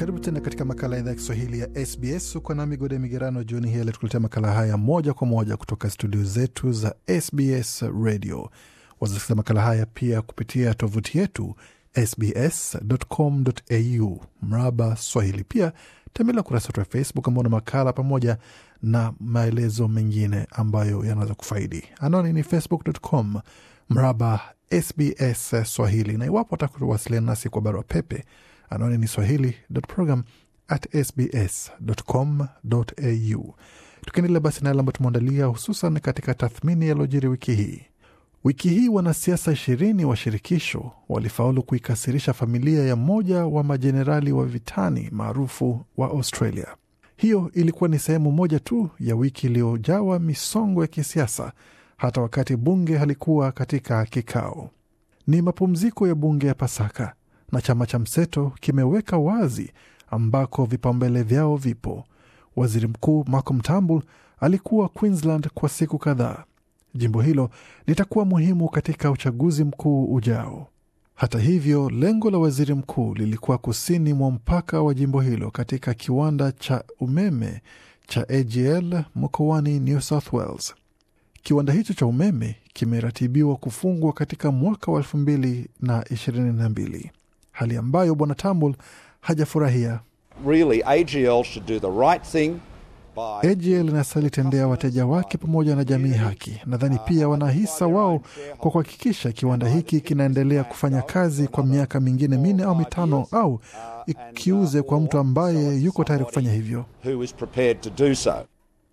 Karibu tena katika makala ya idhaa ya Kiswahili ya SBS. Uko nami Gode Migerano jioni hii alitukuletea makala haya moja kwa moja kutoka studio zetu za SBS Radio. Wazasikiza makala haya pia kupitia tovuti yetu sbs.com.au mraba Swahili. Pia tembelea ukurasa wetu wa Facebook ambao na makala pamoja na maelezo mengine ambayo yanaweza kufaidi. Anwani ni facebook.com mraba SBS Swahili, na iwapo wataka kuwasiliana nasi kwa barua pepe Anwani ni swahili.program at Tukiendelea basi na yale ambayo tumeandalia, hususan katika tathmini yaliyojiri wiki hii. Wiki hii wanasiasa ishirini wa shirikisho walifaulu kuikasirisha familia ya mmoja wa majenerali wa vitani maarufu wa Australia. Hiyo ilikuwa ni sehemu moja tu ya wiki iliyojawa misongo ya kisiasa, hata wakati bunge halikuwa katika kikao. Ni mapumziko ya bunge ya Pasaka, na chama cha mseto kimeweka wazi ambako vipaumbele vyao vipo. Waziri Mkuu Malcolm Turnbull alikuwa Queensland kwa siku kadhaa. Jimbo hilo litakuwa muhimu katika uchaguzi mkuu ujao. Hata hivyo, lengo la waziri mkuu lilikuwa kusini mwa mpaka wa jimbo hilo katika kiwanda cha umeme cha AGL mkoani New South Wales. Kiwanda hicho cha umeme kimeratibiwa kufungwa katika mwaka wa elfu mbili na ishirini na mbili hali ambayo bwana Tambul hajafurahia. Really, AGL should do the right thing. AGL inastahili tendea wateja wake pamoja na jamii haki. Nadhani pia wanahisa wao kwa kuhakikisha kiwanda hiki kinaendelea kufanya kazi kwa miaka mingine minne au mitano, au ikiuze kwa mtu ambaye yuko tayari kufanya hivyo.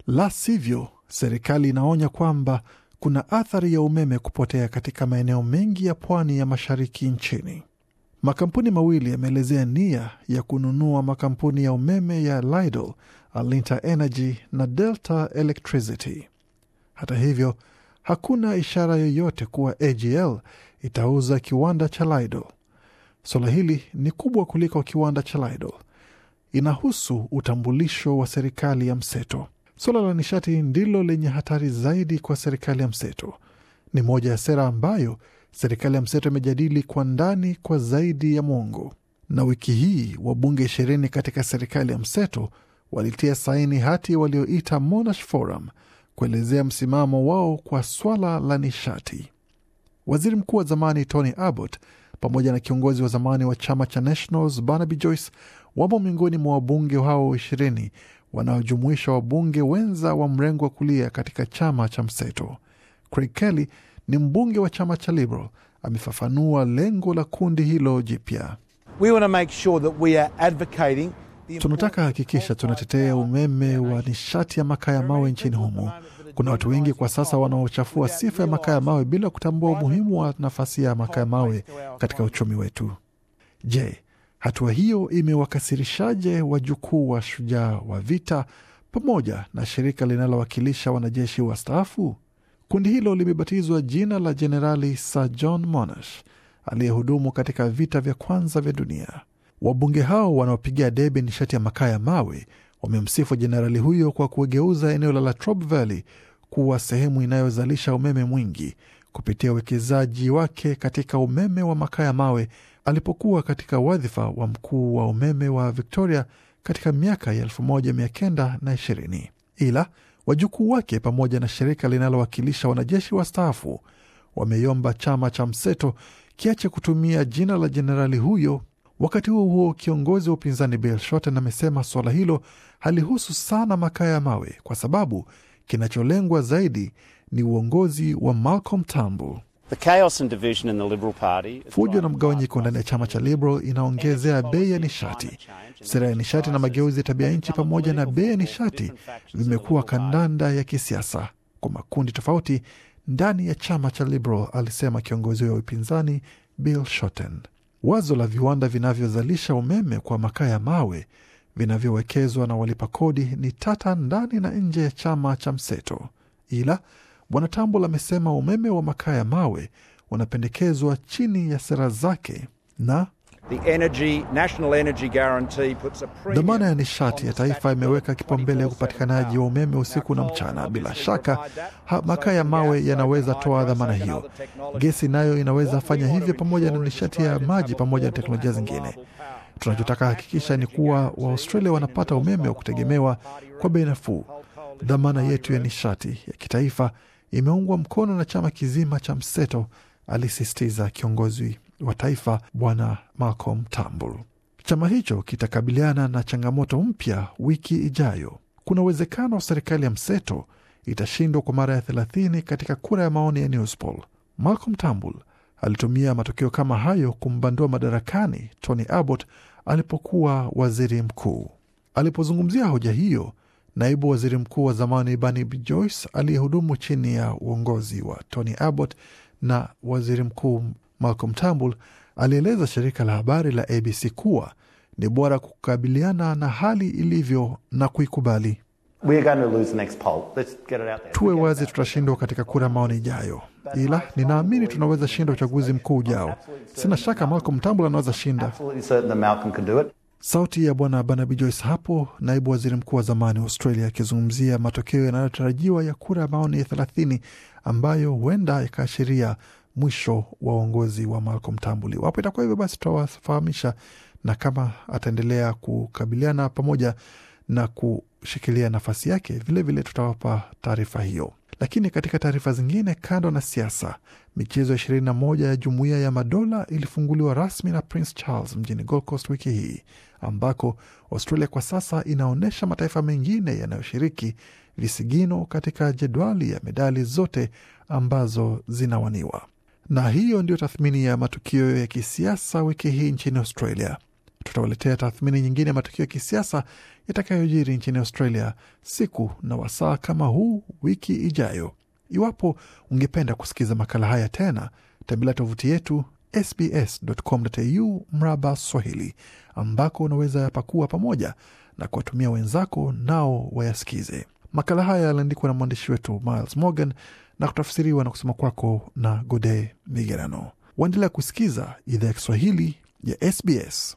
La sivyo, serikali inaonya kwamba kuna athari ya umeme kupotea katika maeneo mengi ya pwani ya mashariki nchini. Makampuni mawili yameelezea nia ya kununua makampuni ya umeme ya Lidl, Alinta Energy na Delta Electricity. Hata hivyo, hakuna ishara yoyote kuwa AGL itauza kiwanda cha Lidl. Suala hili ni kubwa kuliko kiwanda cha Lidl, inahusu utambulisho wa serikali ya mseto. Suala la nishati ndilo lenye hatari zaidi kwa serikali ya mseto, ni moja ya sera ambayo serikali ya mseto imejadili kwa ndani kwa zaidi ya mwongo, na wiki hii wabunge ishirini katika serikali ya mseto walitia saini hati walioita Monash Forum kuelezea msimamo wao kwa swala la nishati. Waziri mkuu wa zamani Tony Abbott pamoja na kiongozi wa zamani wa chama cha Nationals Barnaby Joyce wamo miongoni mwa wabunge hao ishirini wanaojumuisha wabunge wenza wa mrengo wa kulia katika chama cha mseto. Craig Kelly ni mbunge wa chama cha Liberal, amefafanua lengo la kundi hilo jipya. tunataka hakikisha tunatetea umeme wa nishati ya makaa ya mawe nchini humo. Kuna watu wengi kwa sasa wanaochafua sifa ya makaa ya mawe bila kutambua umuhimu wa nafasi ya makaa ya mawe katika uchumi wetu. Je, hatua hiyo imewakasirishaje wajukuu wa shujaa wa vita pamoja na shirika linalowakilisha wanajeshi wastaafu? Kundi hilo limebatizwa jina la Jenerali Sir John Monash aliyehudumu katika vita vya kwanza vya dunia. Wabunge hao wanaopigia debe nishati ya makaa ya mawe wamemsifu jenerali huyo kwa kugeuza eneo la Latrobe Valley kuwa sehemu inayozalisha umeme mwingi kupitia uwekezaji wake katika umeme wa makaa ya mawe alipokuwa katika wadhifa wa mkuu wa umeme wa Victoria katika miaka ya 1920 ila Wajukuu wake pamoja na shirika linalowakilisha wanajeshi wastaafu wameiomba chama cha mseto kiache kutumia jina la jenerali huyo. Wakati huo huo, kiongozi wa upinzani Bill Shorten amesema suala hilo halihusu sana makaa ya mawe kwa sababu kinacholengwa zaidi ni uongozi wa Malcolm Turnbull. Fujo na mgawanyiko ndani ya chama cha Liberal inaongezea bei ya nishati. Sera ya nishati na mageuzi ya tabia nchi pamoja na bei ya nishati vimekuwa kandanda ya kisiasa kwa makundi tofauti ndani ya chama cha Liberal, alisema kiongozi wa upinzani Bill Shorten. Wazo la viwanda vinavyozalisha umeme kwa makaa ya mawe vinavyowekezwa na walipa kodi ni tata ndani na nje ya chama cha mseto, ila Bwana Tambul amesema umeme wa makaa ya mawe unapendekezwa chini ya sera zake na dhamana ya nishati ya taifa imeweka kipaumbele ya upatikanaji wa umeme usiku na mchana. Bila shaka makaa ya mawe yanaweza toa dhamana hiyo. Gesi nayo inaweza fanya hivyo, pamoja na nishati ya maji, pamoja na teknolojia zingine. Tunachotaka hakikisha ni kuwa Waaustralia wanapata umeme wa kutegemewa kwa bei nafuu. Dhamana yetu ya nishati ya kitaifa imeungwa mkono na chama kizima cha mseto, alisisitiza kiongozi wa taifa Bwana Malcolm Turnbull. Chama hicho kitakabiliana na changamoto mpya wiki ijayo. Kuna uwezekano wa serikali ya mseto itashindwa kwa mara ya thelathini katika kura ya maoni ya Newspoll. Malcolm Turnbull alitumia matokeo kama hayo kumbandua madarakani Tony Abbott alipokuwa waziri mkuu. Alipozungumzia hoja hiyo, Naibu waziri mkuu wa zamani bani Joyce aliyehudumu chini ya uongozi wa Tony Abbott na waziri mkuu Malcolm Turnbull alieleza shirika la habari la ABC kuwa ni bora kukabiliana na hali ilivyo na kuikubali. Tuwe wazi, tutashindwa katika kura maoni ijayo, ila ninaamini tunaweza shinda uchaguzi mkuu ujao. Sina shaka Malcolm Turnbull anaweza shinda. Sauti ya bwana Barnaby Joyce hapo, naibu waziri mkuu wa zamani wa Australia akizungumzia matokeo yanayotarajiwa ya kura ya maoni ya thelathini ambayo huenda yakaashiria mwisho wa uongozi wa Malcolm Tambuli. Wapo itakuwa hivyo basi, tutawafahamisha na kama ataendelea kukabiliana pamoja na kushikilia nafasi yake, vilevile tutawapa taarifa hiyo. Lakini katika taarifa zingine, kando na siasa, michezo ya moja ya Jumuiya ya Madola ilifunguliwa rasmi na Prince Charles mjini Gold Coast wiki hii, ambako Australia kwa sasa inaonyesha mataifa mengine yanayoshiriki visigino katika jedwali ya medali zote ambazo zinawaniwa. Na hiyo ndiyo tathmini ya matukio ya kisiasa wiki hii nchini Australia tutawaletea tathmini nyingine ya matukio ya kisiasa yatakayojiri nchini Australia siku na wasaa kama huu wiki ijayo. Iwapo ungependa kusikiza makala haya tena, tembelea tovuti yetu sbs.com.au mraba Swahili, ambako unaweza yapakua pamoja na kuwatumia wenzako nao wayasikize. Makala haya yaliandikwa na mwandishi wetu Miles Morgan na kutafsiriwa na kusoma kwako na Gode Migerano. Waendelea kusikiza idhaa ya Kiswahili ya SBS.